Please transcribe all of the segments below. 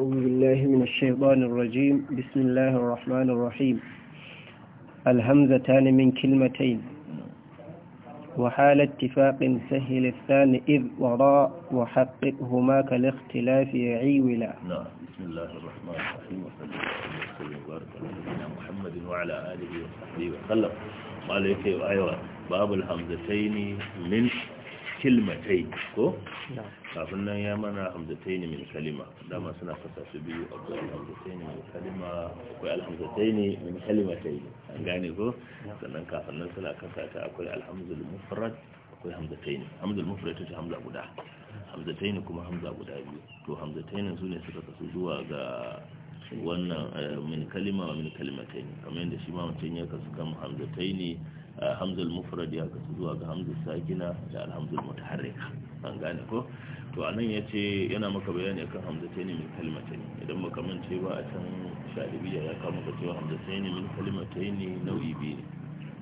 أعوذ بالله من الشيطان الرجيم بسم الله الرحمن الرحيم الهمزتان من كلمتين وحال اتفاق سهل الثاني إذ وراء وحققهما كالاختلاف يعيولا نعم بسم الله الرحمن الرحيم وصلى الله وسلم على محمد وعلى آله وصحبه وسلم وعليك وعيوان باب الهمزتين من kilmatai ko kafin nan ya mana hamzataini ne min kalima dama suna fata su biyu akwai alhamzatai ne min kalima akwai alhamzatai ne min kalimatai an gane ko sannan kafin nan suna kasa ta akwai alhamzul mufrad akwai hamzataini ne hamzul mufrad ta ce hamza guda hamzataini ne kuma hamza guda biyu to hamzataini ne su ne suka kasu zuwa ga wannan eh, min kalima wa min kalimatai kamar yadda shi ma mutum ya kasu kan hamzataini. ne hamzul mufrad ya kasu zuwa ga hamzul sakina da alhamzul mutaharrika an gane ko to anan ya ce yana maka bayani kan hamzata min kalmata ne idan maka ce ba a can shalibiya ya kawo maka cewa hamzata min kalmata nau'i biyu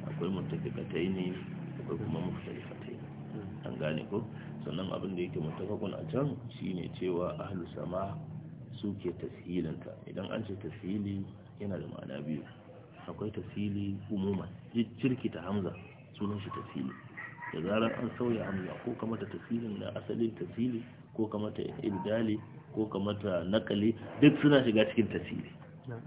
akwai mutafikatai akwai kuma mutafikatai ne an gane ko sannan abin da yake mutafakun a can shine cewa ahlus sama suke tashilinta idan an ce tashili yana da ma'ana biyu akwai tafsili umuman ta hamza sunan shi tafsili da zarar an sauya hamza ko kamata tasirin na asalin tafsili ko kamata ibdali ko kamata nakali duk suna shiga cikin tafsili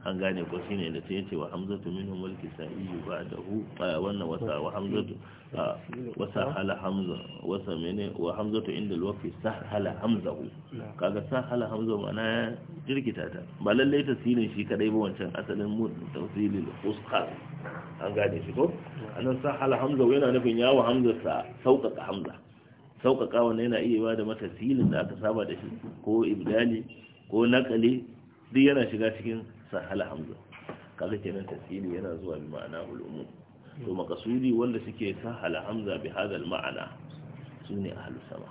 an gane ko shine da ta yace wa hamzatu minhum wal kisai ba'dahu wannan wasa wa hamzatu wasa hala hamza wasa mene wa hamzatu inda alwaqfi sahala hamzahu kaga sahala hamza mana jirkita ta ba lalle tasirin shi kadai ba wancan asalin mud tawsilil usqa an gane shi ko anan sahala hamza yana nufin ya wa hamza sa sauƙaƙa hamza sauƙaƙa wannan yana iya ba da mata silin da aka saba da shi ko ibdali ko nakali duk yana shiga cikin sahala hamza kaga kenan tasiri yana zuwa bi ma'ana ulumum to makasudi wanda suke sahala hamza bi hadal ma'ana sune ahlus sama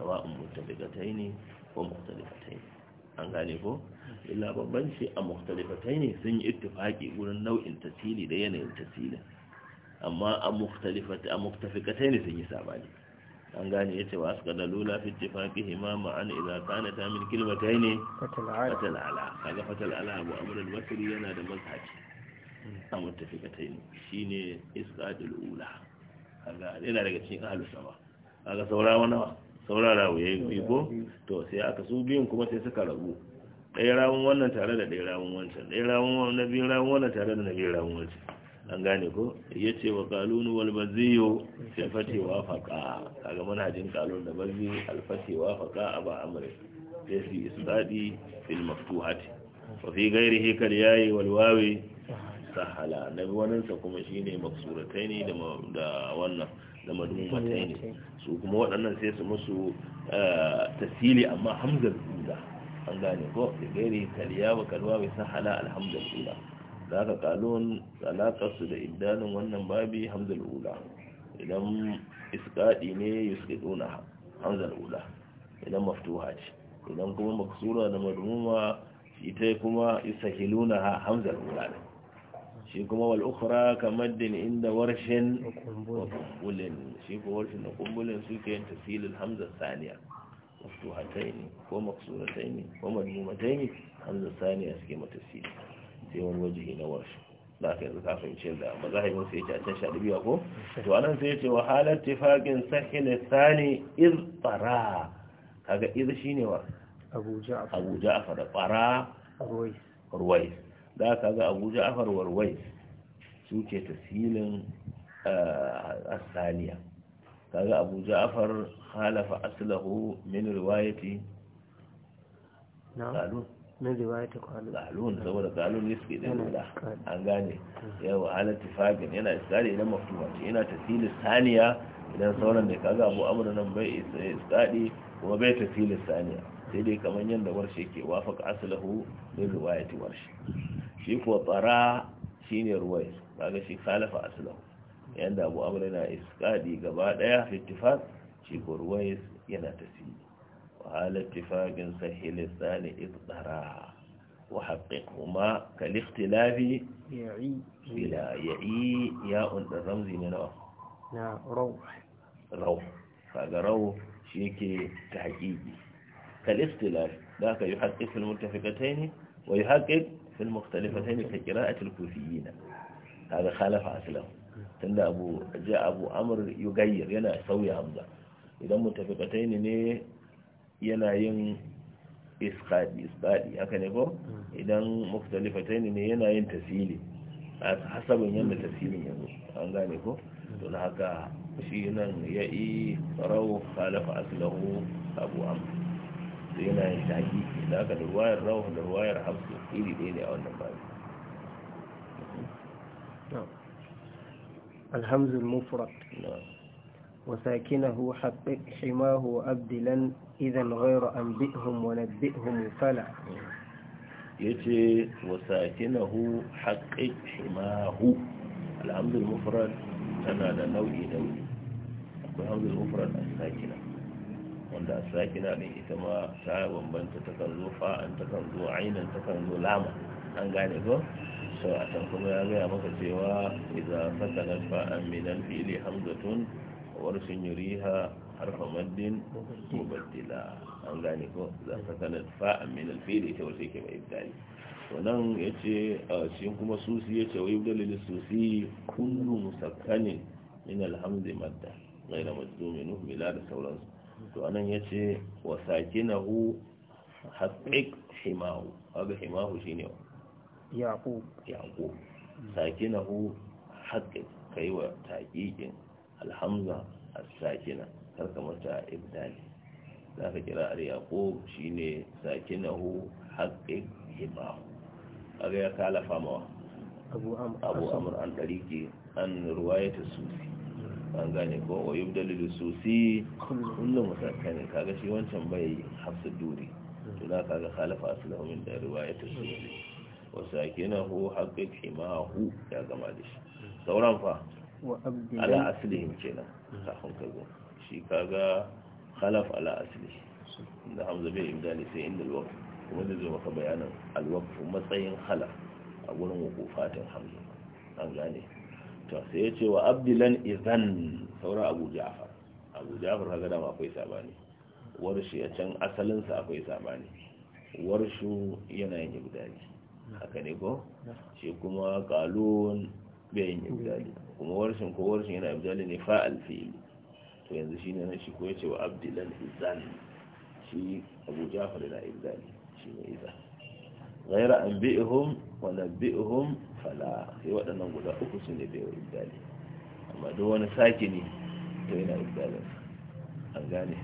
sawa'un muttafiqataini ko mukhtalifataini an gane ko illa bambanci a mukhtalifataini sun yi ittifaqi gurin nau'in tasiri da yanayin tasiri amma a mukhtalifata a muttafiqataini sun yi sabani an gane yace wa asqa dalula fi ittifaqihi ma ma'an idza ta min kalmatayn fatal ala kaga fatal ala abu amr al-basri yana da mazhabi a muttafiqatayn shine isqadul ula kaga yana daga cikin ahlus sama kaga saura wani saura rawo yayi ko to sai aka su biyun kuma sai suka rabu ɗaya rawun wannan tare da ɗaya rawun wancan ɗaya rawun wannan biyu rawun wannan tare da na biyu rawun wancan an gane ko ya ce wa kalunu wal baziyo fil fati wa faqa kaga manhajin kalun da bazi al fati wa faqa aba amri sai fi isdadi fil maftuhati wa fi ghairihi kal yayi wal wawi sahala na wannan sa kuma shine maksuratai da da wannan da madmumatai ne su kuma waɗannan sai su musu eh, tasili amma hamzar ula an gane ko da gairi kal wa kal wawi sahala alhamdulillah da aka kalon alaƙarsu da idanun wannan babi hamzal ula idan iskaɗi ne yuskiduna hamzal ula idan maftuha ce idan kuma maksura da shi ta kuma yusahiluna ha hamzal ula ne shi kuma wal ukhra kamaddin inda warshin kumbulin shi ko warshin da kumbulin suke yin tafsilil hamza saniya maftuhataini ko maksurataini ko madmumataini hamza saniya suke matafsili sai wani ne na warshe da aka yanzu ka fahimci yadda mazahibin sai yace a can shaɗi biya ko to anan sai yace wa halar tifaqin sahil thani iz tara kaga iz shine wa Abu Ja'far Abu Ja'far da tara Ruwais Ruwais da kaga Abu Ja'far wa su ke tasilin eh, asaliya kaga Abu Ja'far halafa aslahu min riwayati Na'am na riwayata qalun saboda qalun ne suke da an gane hmm. yawa halatu fagin yana iskaɗi idan maftuwa ce yana tafsili saniya idan sauran da kaga abu amrun nan bai kuma bai tafsili saniya sai dai kamar yanda warshe ke wafaka aslahu da riwayati warshe shi kuwa tsara shine ruwai kaga shi kalafa aslahu yanda abu amrun na iskadi gaba ɗaya, ittifaq shi ko ruwai yana tafsili وعلى اتفاق سهل الثاني اضطرا وحققهما كالاختلاف يعي بلا يعي ياء الرمز من نعم روح روح فقا روح شيكي تحقيقي كالاختلاف ذاك يحقق في المتفقتين ويحقق في المختلفتين كقراءة الكوفيين هذا خالف أسلم تند أبو جاء أبو أمر يغير ينا سوي همزة إذا متفقتين yana yin isqadi isqadi haka ne ko idan mukhtalifatayn ne yana yin tasili hasabun yanda tasilin yanzu an gane ko to na haka shi nan ya yi rawu khalafa aslahu abu am yana yin shaki da haka da ruwayar rawu da ruwayar hafsu iri ɗaya ne a wannan babu الحمز المفرد وساكنه حقق حماه أبدلا idan ghairu an bi'hum wa nabbi'hum fala yace wa sakinahu haqqi himahu alhamdul mufrad tana da nau'i nau'i akwai hamdul mufrad a sakina wanda a sakina ne ita ma ta bambanta ta kan zo fa'an ta kan zo ainan ta kan zo lama an gane ko so a can kuma ya gaya maka cewa idza sakana fa'an min al-fi'li hamzatun wa yuriha harfa maddin mubaddila an gane ko za ka kana fa min alfili ta wace ke mai to nan yace shi kuma susi yace wai dalil susi kullu musakkanin min alhamdi madda غير مجزوم منه بلا sauran to anan yace wa sakinahu haqiq himahu kaga himahu shine yaqub yaqub sakinahu haqiq kaiwa taqiqin alhamza as-sakina karka mata ibdali za ka kira a yaƙo shi ne sakinahu haƙƙin hibahu a ga ya kalafa mawa abu amur an ɗarike an ruwaya ta sufi an gane ko wa yi dalilu sufi kullum matakai ne kaga shi wancan bai hafsa duri hmm. tuna kaga khalafa aslahu min da ruwaya ta hmm. sufi wa sakinahu haƙƙin himahu ya gama da shi hmm. sauran fa ala aslihim kenan kafin ka shi kaga khalaf ala asli da hamza bai imdali sai inda alwaqf kuma da zo maka bayanin alwaqf matsayin khalaf a gurin wukufatin hamza an gane to sai ya ce wa abdilan izan saura abu ja'far abu ja'far kaga dama akwai sabani warshi ya can asalinsa akwai sabani warshu yana yin ibdali haka ne ko shi kuma kalon bai yin ibdali kuma warshin ko warshin yana ibdali ne fa'al fi'ili to yanzu shi ne shi ko ya ce wa abdullal izali shi abu jafar na izali shi ne iza gaira an bi'ihum wa na bi'ihum fala sai waɗannan guda uku su ne bai wa izali amma duk wani sake ne to yana izalin an gane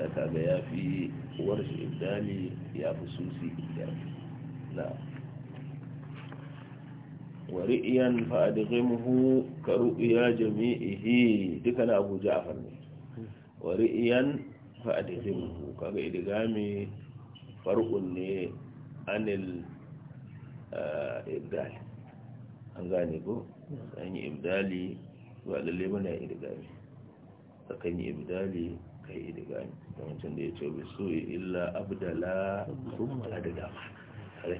ya ga ya fi uwar shi izali ya fi susi ya na ورئيا فأدغمه كرؤيا جميعه دكنا أبو جعفر ورئيا فأدغمه كإدغامي فرق عن الإبدال an gane ko an yi ibdali ba lalle mana idigami akan yi ibdali kai idigami da wancan da ya ce bai so illa abdala sun da dama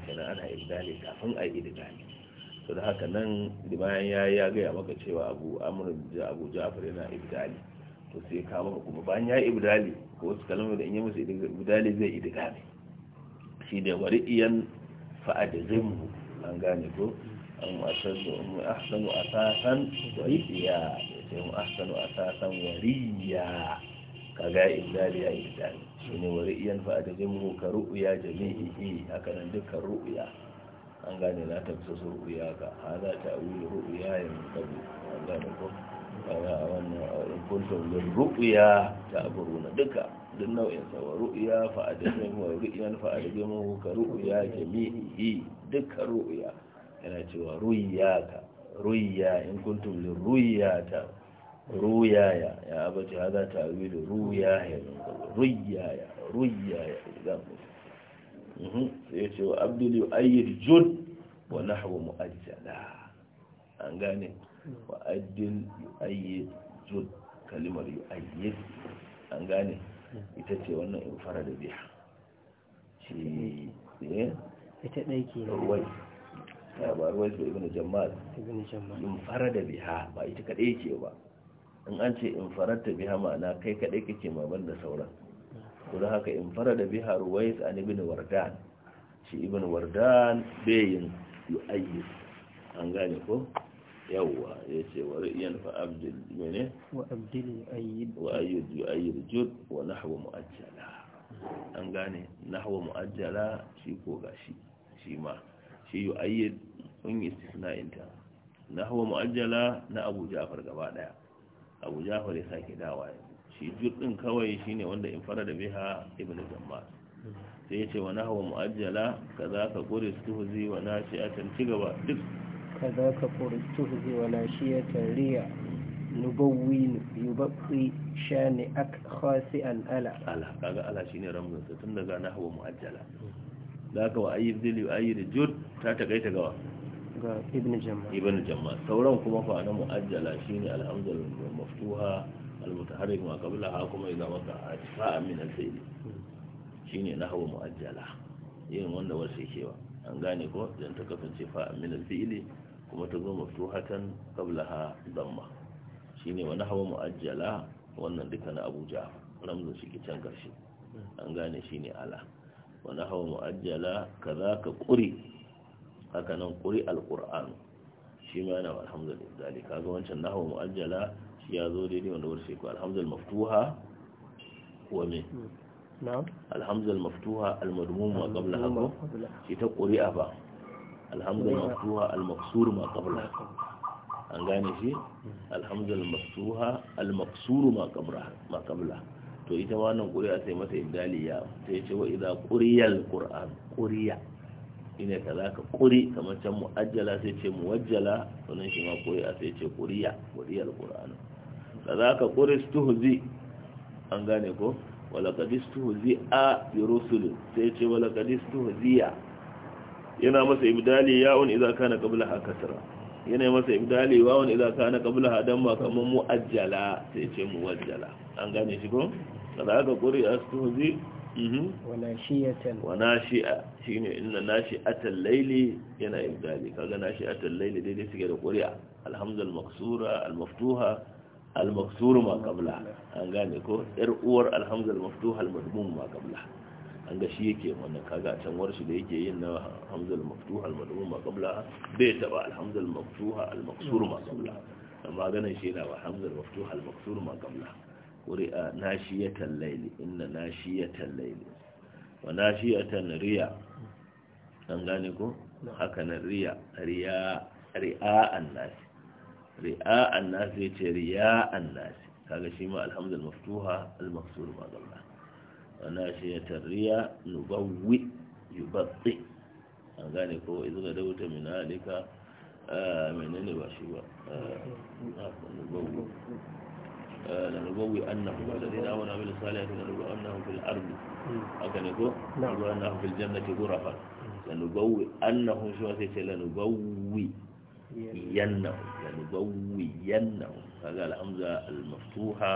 kenan ana ibdali kafin a idigami to da haka nan bayan ya ya gaya maka cewa abu amurin da abu ja'afar yana ibdali to sai ka maka kuma bayan ya ibdali ko wasu kalmar da in yi musu ibdali zai idigami shi da wari iyan fa'adizimhu an gane ko an wasan da mu ahsanu asasan wariya sai mu ahsanu asasan wariya kaga ibdali ya ibdali shi ne wari iyan fa'adizimhu ka ru'ya jami'i haka nan duka ru'ya an gane na ta bisa sun ruya ka hada ta wuri ruya ya min kabu an gane ko a wannan auren kuntum min ruya ta na duka duk nau'in sa wa ruya fa adabin wa ru'yan fa adabin ka ruya jami'i duka ruya yana cewa ruya ka ruya in kuntum min ruya ta ruya ya abace hada ta wuri ruya ya min kabu ya ruya ya idan Mhm. sai ya ce wa abdul yu'ayyid jud wa nahwu mu'ajjala an gane wa abdul yu'ayyid jud kalimar yu'ayyid an gane ita ce wannan in fara da biya shi eh ita dai ke ya ba ruwai ba ibn jamal in fara da biha ba ita kadai ce ba in an ce in farar ta biha ma'ana kai kadai kake maban da sauran don haka in fara da biha ruwais an ibn wardan shi ibn wardan bayin yu'ayyid an gane ko yawwa ya ce wa ra'iyan fa abdul mene wa abdul ayyid wa ayyid ayyid jud wa nahwa mu'ajjala an gane nahwa mu'ajjala shi ko gashi shi ma shi yu'ayyid sun yi istisna inta nahwa mu'ajjala na abu ja'far gaba daya abu ja'far ya sake dawaye shi jurdin kawai shine wanda in fara da biha ibn jammas sai ya ce wa nahwa mu'ajjala za ka qurus tuhzi wa can ci gaba duk Ka za ka qurus tuhzi wa nashi'atan riya nubawwin yubaqi shani ak khasi'an ala ala kaga ala shine ramzan sa tun daga nahwa mu'ajjala ka wa ayyid wa ayyid Jud ta gaita gawa ga ibn jamma ibn jamma sauran kuma fa na mu'ajjala shine alhamdulillah maftuha al-mutaharrik ma qablaha kuma idza waka atfa'a min al-fi'l shine nahwu mu'ajjala yin wanda wasu kewa an gane ko dan ta kasance fa'a min al-fi'li kuma ta zo maftuhatan qablaha damma shine wa nahwu mu'ajjala wannan duka na Abuja ramzan shi can karshe an gane shine ala wa nahwu mu'ajjala kadhaka quri haka nan quri al-qur'an shi ma yana alhamdulillah kaga wancan nahwu mu'ajjala ya zo daidai wanda wurin shekwa alhamdul maftuha wa me alhamdul maftuha almadmum ma qabla hago ita quri'a ba alhamdul maftuha almaksur ma qabla an gane shi mm. alhamdul maftuha almaksur ma qabla to ita wannan ƙuri'a sai mata idaliya sai ce wa idza quriyal qur'an quriya shine ka za ka kuri kamar can mu'ajjala sai ce muwajjala wannan shi ma ƙuri'a sai ce kuriya ƙuriyar qur'ani kazaka quristuhzi an gane ko wala qadistuhzi a rusul sai ce wala ya yana masa ibdali ya'un idza kana qablaha kasara yana masa ibdali wa'un idza kana qablaha damma kaman muajjala sai ce muwajjala an gane shi ko kazaka quristuhzi mhm wana shi'a shi ne ina a laili yana ibdali kaga a laili daidai suke da kuri'a alhamdul maksura almaftuha al-maksuru ma an gane ko yar uwar alhamzal maftuh al-madmum ma qabla an ga shi yake wannan kaga can warshi da yake yin na hamzal maftuh al-madmum ma qabla bai taba alhamzal maftuh al-maksuru ma qabla amma ganin shi yana wa hamzal maftuh al-maksuru ma qabla qur'a nashiyatan layli inna nashiyatan layli wa nashiyatan riya an gane ko haka na riya riya ri'a an-nas رئاء الناس رياء الناس هذا شيء ما الحمد المفتوحة المقصود ما الله وناشية الرياء نبوي يبطي أنا قال إذا دوت من ذلك آه، من أني وشوا آه، نبوي آه، لنبوي أنه الذين آمنوا عمل الصالحات لنبوي أنه في الأرض أكن يقول نعم. أنه في الجنة غرفا لنبوي أنه شو سيسي لنبوي ينهم ينهم هذا الأمزة المفتوحة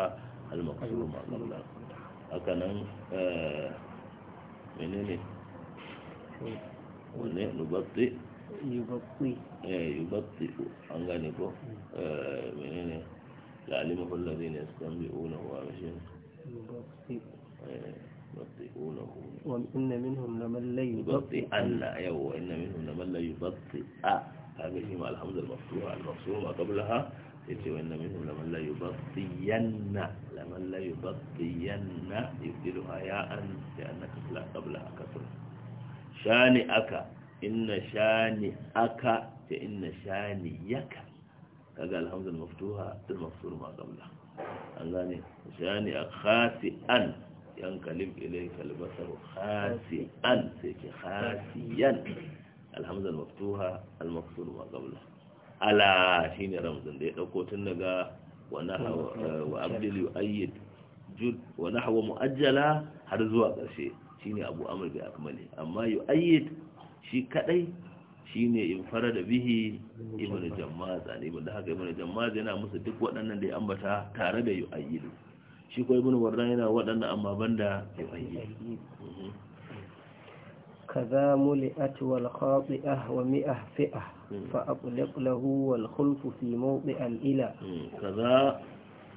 المقصورة أيوة. من نعم. هنا آه، منين هنا نبطئ يبطئ يبطئ إيه، أنغاني كو آه، منين يعلمه الذين يستنبئونه ومشين يبطئ إيه، يبطئونه وإن منهم لمن لا يبطئ أن يو إن منهم لمن لا يبطئ هذا ما الحمد المفتوحة المقصومة قبلها يتي وإن منهم لمن لا يبطين لمن لا يبطين يبدلها ياء لأنك لا قبلها كثرة شانئك إن شانئك فإن شانئك هذا الحمد المفتوحة المفصول ما قبلها أنغاني شانئك خاسئا ينقلب إليك البصر خاسئا فيك خاسيا alhamza maftuha al-mafsul ma qabla ala ne ramzan da ya dauko tun daga wa eh, Abdul wa yu'ayyid jud wa nahwa muajjala har zuwa karshe shine abu amr bi akmali amma yu'ayyid shi kadai shine in farada bihi ibnu jammaz ne ibnu haka ibnu jammaz yana musu duk waɗannan da ya ambata tare da yu'ayyid shi ko ibnu wardan yana waɗannan amma banda yu'ayyid mhm. كذا ملئت والخاطئة ومئة فئة فأطلق له والخلف في موضع الإلى كذا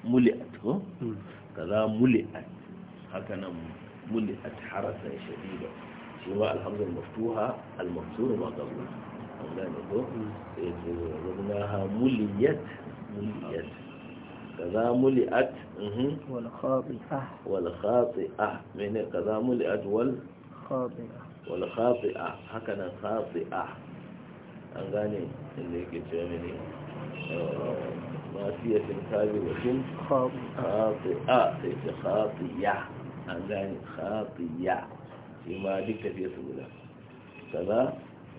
ملئت كذا ملئت هكذا ملئت حرسة شديدة سواء الحمد المفتوحة المفتوحة ما قبل ربناها مليت مليت كذا ملئت والخاطئة والخاطئة من كذا ملئت والخاطئة wal khati'a haka nan khati'a an gane inda yake cewa mene mafiyatin kabiwatin khati'a sai ce khati'a an gane khati'a shi ma duk tafiya su guda kaza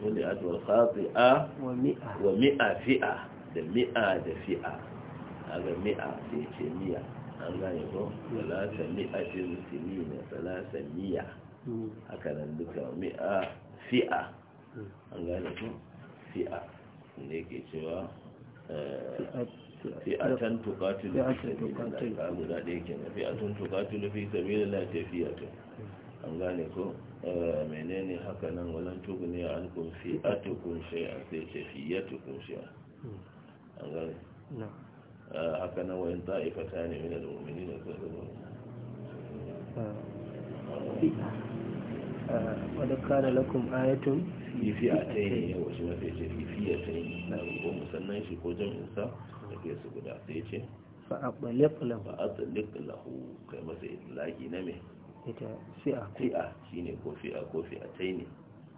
wani adwar khati'a wa mi'a fi'a da mi'a da fi'a a ga mi'a sai ce miya an gane ko ce musulmi sinina salasa miya haka nan duka mi'a fi'a an gane su fi'a da yake cewa eh, fi'atan a tun sabilillah guda da yake na fi'atan tukatilu fi sabilillah tun. an gane ko eh, menene haka nan walan tuguni an kun fi'atukum a sai tafiyatukum a an gane eh, haka nan wani ta'ifata ne min al-mu'minina sallallahu alaihi wasallam wadda kana lakum ayatun fi fi'atayn ya wasu mafi ce fi fi'atayn na ko musannan shi ko jan jam'insa da ke su guda sai ce fa'aɓalik lahu fa'aɓalik lahu kai masa laki na me ita fi'a fi'a shine ko a ko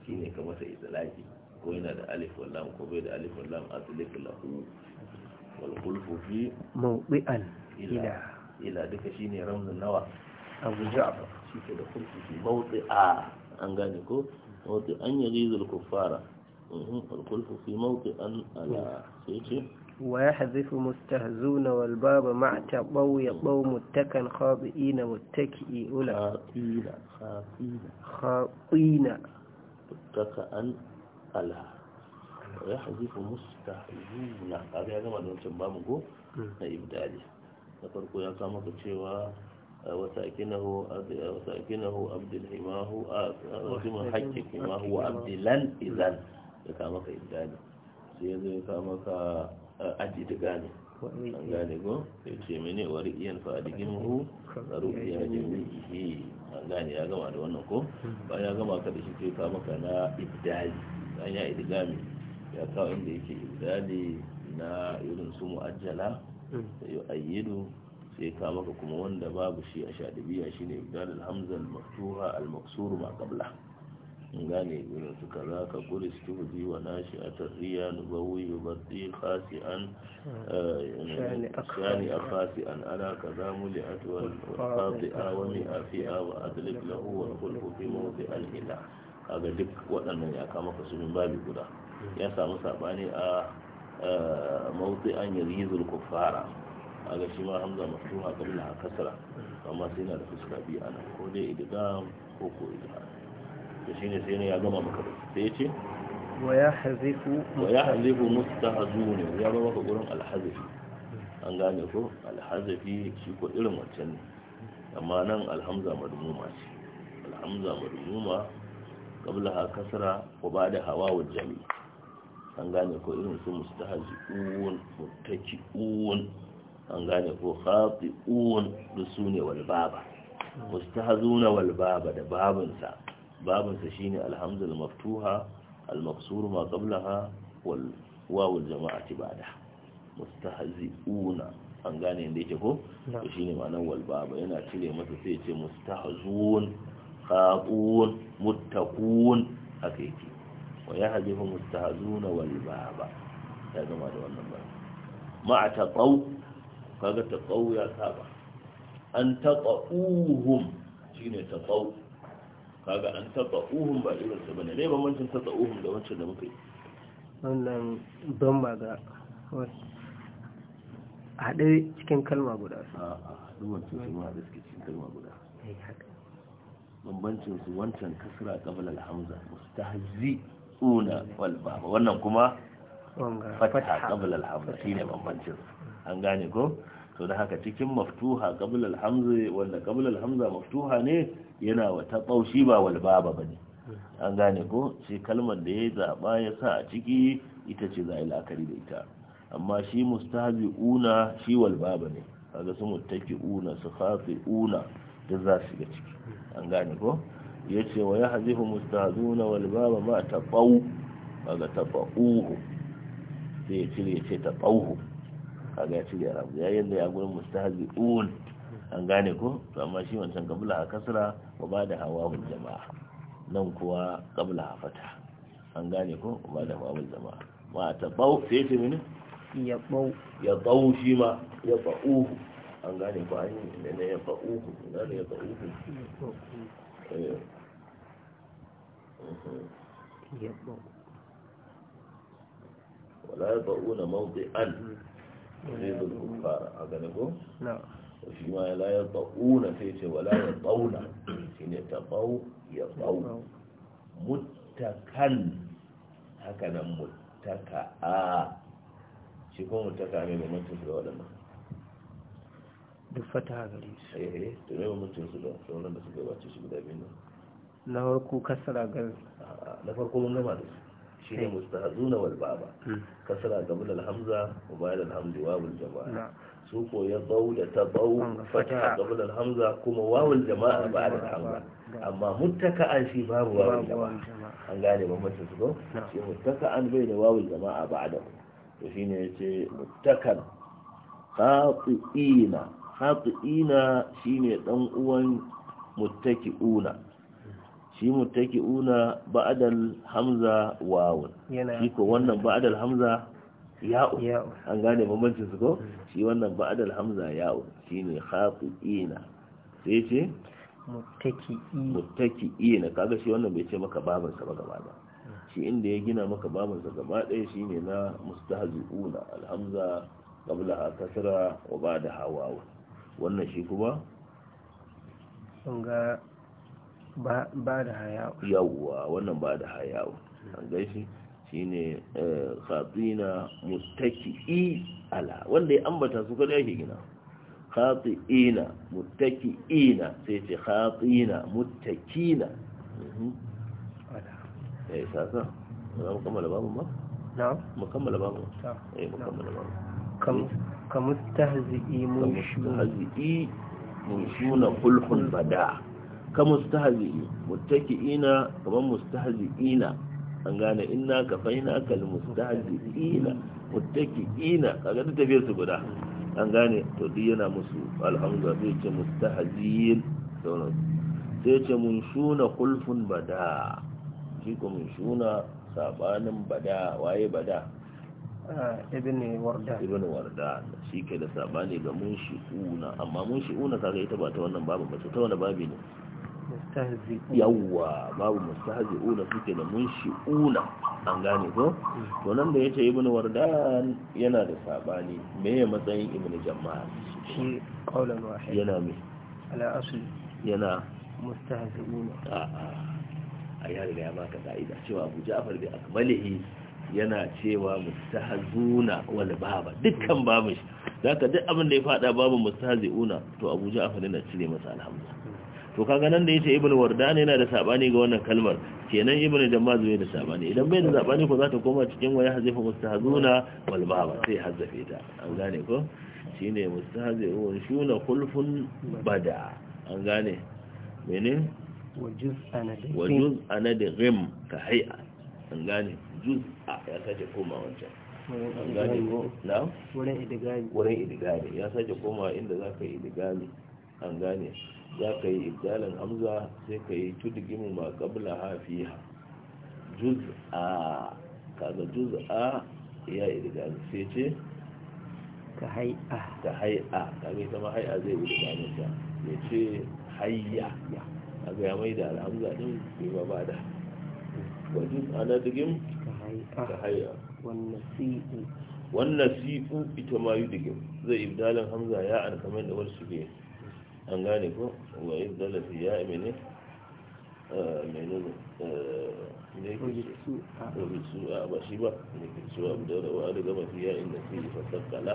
Shi ne ka masa laki. ko yana da alif wallam ko bai da alif wallam aslik lahu wal khulfu fi mawdi'an ila ila duka shine ramzun nawa abu ja'far shi ke da khulfu fi mawdi'a an gane ko wato an yi rizul kuffara alkulfu fi mawti an mhm. ala ya ce wa ya hazifu mustahzuna wal baba ma ta bau ya bau muttakan khabiina muttaki ula khabiina khabiina muttaka an ala wa ya hazifu mustahzuna ga ya gama da wancan babu go hmm. na ibdali na farko ya kama ka cewa وساكنه وساكنه عبد الحماه رجما حق كما هو عبد لن اذا كما قيدان سيد كما اجد غاني غاني go yace mene wariyan fa adiginhu ruhiya jinnihi غاني ya gama da wannan ko bayan ya gama ka da sai ka maka na ibdali dan ya idgami ya kawo inda yake ibdali na irin su muajjala yu ayyidu sai ka maka kuma wanda babu shi a shadibiya shi ne hamza al maktura al maksuru ma ƙabla in gane irin su za ka kuri stuhudi wa nashi a tarriya nubawi yubatsi fasi an eh, shani a fasi an ana ka za mu fati a wani a fi a wa adalik lahu wa kulku fi mawuti al'ila kaga duk waɗannan ya kama ka min babi guda ya samu saɓani a eh, mawuti an yanzu kufara ga shi ma hamza mafruha qabla a kasara. amma sai na da fuska biyu a nan. ko dai idgham ko ko da shi ne sai ne ya gama maka sai ya ce wa hazifu wa hazu ne ya ba maka gurin alhazifi an gane ko alhazifi shi ko irin wancan ne amma nan alhamza madumuma ce alhamza madmuma qabla ha ko ba ba'da hawa wa jami'i an gane ko irin su mutaki uwun. an gane ko da dusune wal baba mustahzuna wal baba da babinsa babinsa shine alhamdul maftuha al maksur ma qablaha wal wawu jama'ati ba'da mustahzi'una an gane inda yake ko to shine ma'anar wal baba yana cire masa sai ya ce mustahzun khati'un muttaqun haka yake wa yahdifu mustahzuna wal baba ya zama da wannan ba ma ta tsau kaga taqawu ya saba an shi ne ta taqawu kaga an uhun ba irin su bane ta bambancin uhun da wancan da muka yi wannan don ba ga haɗe cikin kalma guda su a haɗuwar su da suke cikin kalma guda eh, bambancin su wancan kasra kabal alhamza mustahzi una wal ba wannan kuma fata kabal alhamza shine bambancin su an gane ko to da haka cikin maftuha qabla alhamza wanda qabla alhamza maftuha ne yana wa ta taushi ba wal baba bane an gane ko shi kalmar da ya zaba ya sa a ciki ita ce za a yi da ita amma shi mustahabi una shi wal baba ne kaga su muttaki una su khafi una da za su ga ciki an gane ko yace wa yahzifu mustahazuna wal baba ma tabau kaga tabauhu sai ya cire ta kaga ya cire arab ya yadda ya gurin mustahazi un an gane ko to amma shi wancan kabla a kasra wa ba da hawa jama'a nan kuwa kabla a fata an gane ko ba da hawa jama'a ma ta bau sai ce mini ya bau ya bau shi ma ya bau an gane ko an yi ne ya bau gane ya ba'uhu eh. mhm. ya ba'u wala ya ba'u na mawdi'an yuzilul kuffara a gane ko shi ma la ya ba'una sai ce wala ya ba'una ya ba'u muttakan haka nan shi ko muttaka ne mai mutuntu waɗannan duk fata gare su eh, eh to ne mutuntu da sauran da suka gabace shi guda biyu na farko gar na farko mun gama shine mustahazuna wal baba hmm. kasara ga mulal hamza wa bayan alhamdi wawul jama'a su ko ya bau da ta bau fata ga mulal hamza kuma wawul jama'a ba da hamza amma muttaka an shi babu wawul jama'a an gane ba mutum su ko shi muttaka an bai da wawul jama'a ba da to shine yace muttakan khati'ina khati'ina shine dan uwan muttaki'una shi una ba'dal hamza wawun shi ko wannan ba'dal hamza ya'u an gane bambancin su ko hmm. shi wannan ba'dal hamza ya'u shine khafi'ina sai ce ina kaga shi wannan bai ce maka babin sa ba gaba da hmm. shi inda ya gina maka babin sa gaba ɗaya shine na mustahzi'una alhamza qabla kasra wa ba'da hawawu wannan shi kuma kun ga ba da hayawa yawwa wannan ba da hayawa an gaishe shine eh, khatina muttaki'i ala wanda ya ambata su kada yake gina khatina muttaki'ina sai ce khatina muttakina mhm. ala eh sasa za mu kammala babu ma na mu kammala babu eh mu kammala babu kam kamustahzi'i mun shuna kulhun bada ka mustahzi'in muttaki'ina kaman mustahzi'ina an gane inna faina kal mustahzi'ina muttaki'ina kaga da tafiyar su guda an gane to duk yana musu alhamdulillah, zai ce mustahzi'in sauran sai ce mun shuna kulfun bada shi ko mun shuna sabanin bada waye bada eh, ibn warda ibn warda shi ke da sabani ga mun shi una. amma mun shi una kaga ita ba ta wannan babu ba ta wannan babu ne yawwa babu mustahzi'una suke da munshi munshi'una an gane ko to nan da yace ibn wardan yana da sabani me ya matsayin ibn jama'a shi qaulan wahid yana me ala asli yana mustahzi'una a'a a ya riga ya baka ka'ida cewa Abu Ja'far bi akmalihi yana cewa mustahzuna wal baba dukkan babu shi zaka duk abin da ya fada babu mustahzi'una to Abu Ja'far yana cire masa alhamdulillah to kaga nan da yace ibnu wardan yana da sabani ga wannan kalmar kenan ibnu jamaz bai da sabani idan bai da sabani ko za ta koma cikin waya hazifa mustahzuna wal baba sai hazafe ta an gane ko shine wa shuna kulfun bada an gane mene wajuz anadi wajuz anadi rim. ka hay'a an gane juz ya sace koma wancan an gane ko na wurin idigami wurin idigami ya sace koma inda zaka yi idigami an gane za ka yi ibdalin hamza sai ka yi tudgimu ma kabla ha fiha juz'a kaga juz'a ya idgan sai ce ka hay'a ka hay'a kaga ita ma hay'a zai idgan ta ya ce hayya kaga ya maida alhamza din bai ba ba da wa juz'a na digim ka hay'a wannan si'u wannan si'u ita ma yi digim zai ibdalin hamza ya alkamai da wasu biyu an gane ko wa yi zala ya mene ne ke su a ba shi ba ne ke su abu da wa da fi ya inda fi fasakala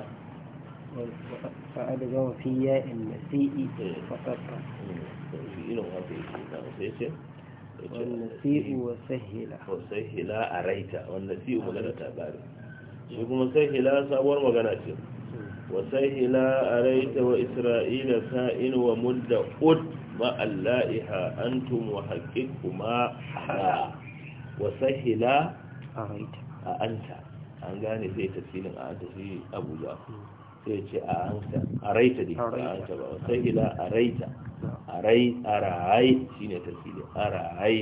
fa'ada gama fi ya inda fi fasakala ne eh. hmm. irin haka yake na sai ce والنسيء وسهلا وسهلا أريتا والنسيء مغنى تاباري شو كما وسهل أريت وإسرائيل سائل ومد أد مع اللائها أنتم وحققكما وسهل أريت أنت an gane zai a an tafi abuja sai ce a hanta a raita ne a hanta ba a raita a a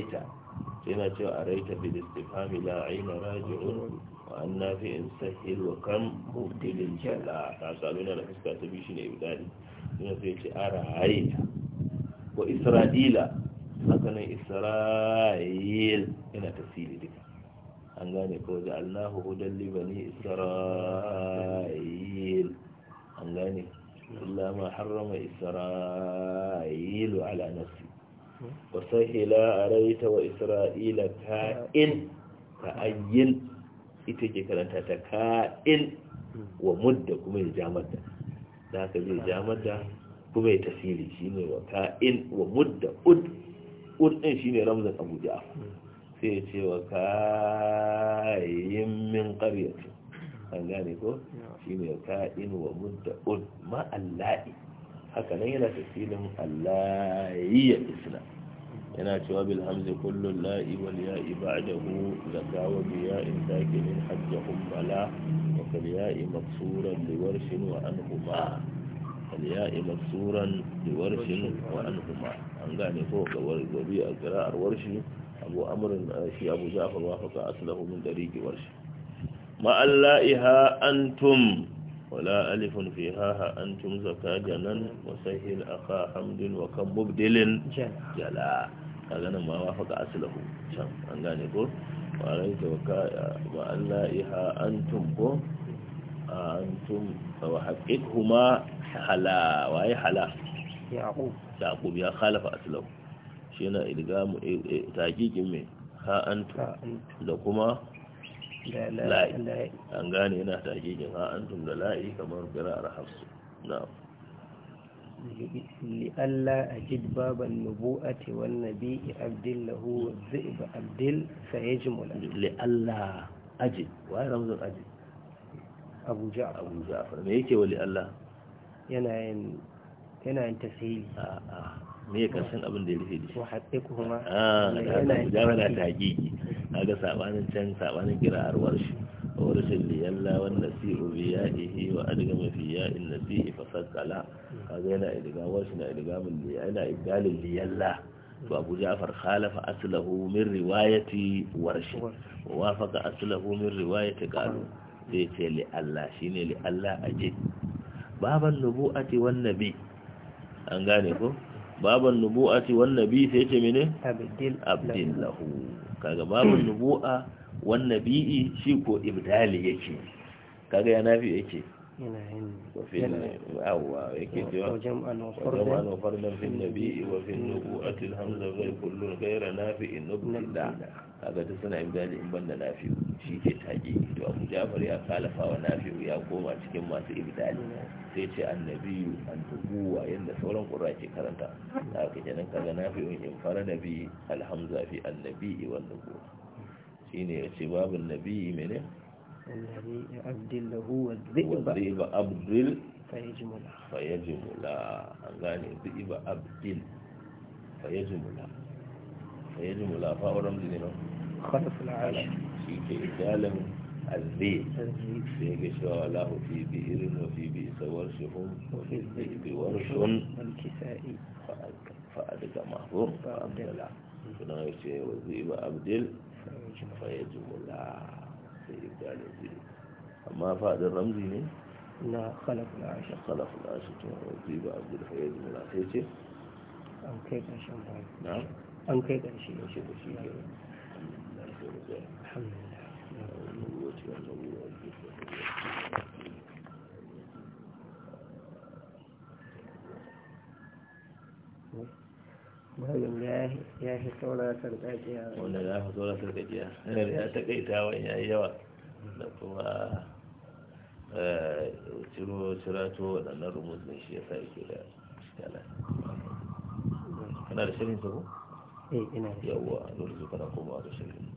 سمت عليك بالاستفهام لا عين راجع وأن في إنسهل وكم مبدل جلا فأصابنا نحس كاتبيش نيبداني من فيك أرعيت وإسرائيل أكنا إسرائيل إن تسيل لك أنغاني كوزا جعلناه هدى لبني إسرائيل أنغاني إلا ما حرم إسرائيل على نفسه wasahila a araita wa isra'ila ka'in ka'ayyin ita ke karanta ta ka'in wa mudda kuma ya ja da. da ka zai ja da kuma ya tasiri shine wa ka'in wa mudda ud ud din shine ramzan Abuja sai ya ce wa ka'in min qaryati an gane ko shine ka'in wa mudda ud ma haka nan yana tafsirin allahiyyar islam yana cewa bil hamzi kullun la'i wal ya'i ba'dahu zaka wa bi ya'in sakinin hajjahum bala wa kal ya'i maksuran li warshin wa anhuma kal ya'i maksuran li warshin wa anhuma an gane ko ga warbi a qira'ar warshi abu amrin shi abu ja'far wa faqa aslahu min tariqi warshi ma alla'iha antum ولا ألف فيها ها أنتم زكا جنن وسهل أخا حمد وكم مبدل جلا كان ما وافق أصله شام أنغاني كو وعليك وكا وألا إها أنتم كو أنتم وحققهما حلا وهي حلا يعقوب يعقوب يا خالف أصله شينا إلغام تحقيق من ها أنتم لكما la'i an gane yana ta hakikin ha'antum da la'i kamar birar hafsu na li'alla a jidbaban nubu'ati wani nabi'i abdil lahu wa zai'ba abdil sai ji mula li'alla a jid wa yi ramzan a abuja abuja mai yake wa li'alla yanayin tasiri a a me ya karshen abin da ya rufe da shi a jami'a ta hakiki a ga sabanin can sabanin kira'ar warshi warshin liyalla nasi obi ya ihe wa adiga mafi ya nasi ifa sakala a ga na idiga warshi na idiga min liyalla idalin liyalla to abu ja'far khalafa asulahu min riwayati warshi wa wafaka asulahu min riwayati qalu sai ce li Allah shine li Allah aje baban nubu'ati wan nabi an gane ko baban nubu'a ce wan nabi sai ce mene abdin lahu kaga baban nubu'a wan shi ko ibdali yake kaga ya nafi yake وفي أو يكيد جمعا وفردا في النبي وفي النبوءة الهمزة غير كل غير نافع نبن هذا تسنى إبدال إبن ya kalafa wa nafi'u ya koma cikin masu ibdali sai ce sauran ƙura ke aka kenan kaga nafi'un fara nabi alhamza fi annabi wa mene الذي أبدل له والذئب والذئب أبدل فيجملا فيجملا أنغاني الذئب أبدل فيجملا فيجملا فأورم دينه خلف العاش شيء كالم الذئب سيك شاء الله في بئر وفي بئس ورشهم وفي الذئب ورش والكسائي فأدك محظوظ فأبدل فنغيش والذئب أبدل فيجملا فيجملا ما فاد الرمزي نين لا خلف العاشة خلف العاشة وزيب عبد الحيد من العاشة أو كيف عشان بعيد نعم أو كيف عشان بعيد الحمد لله الحمد لله babin ya fi saura sarƙaƙiya wanda ya fi saura sarƙaƙiya ya taƙaita wani ya yi yawa da kuma eh, ciro cirato waɗannan rubutun shi ya sa yake da kala kana da shirin sabo? eh ina da yawa kuma da shirin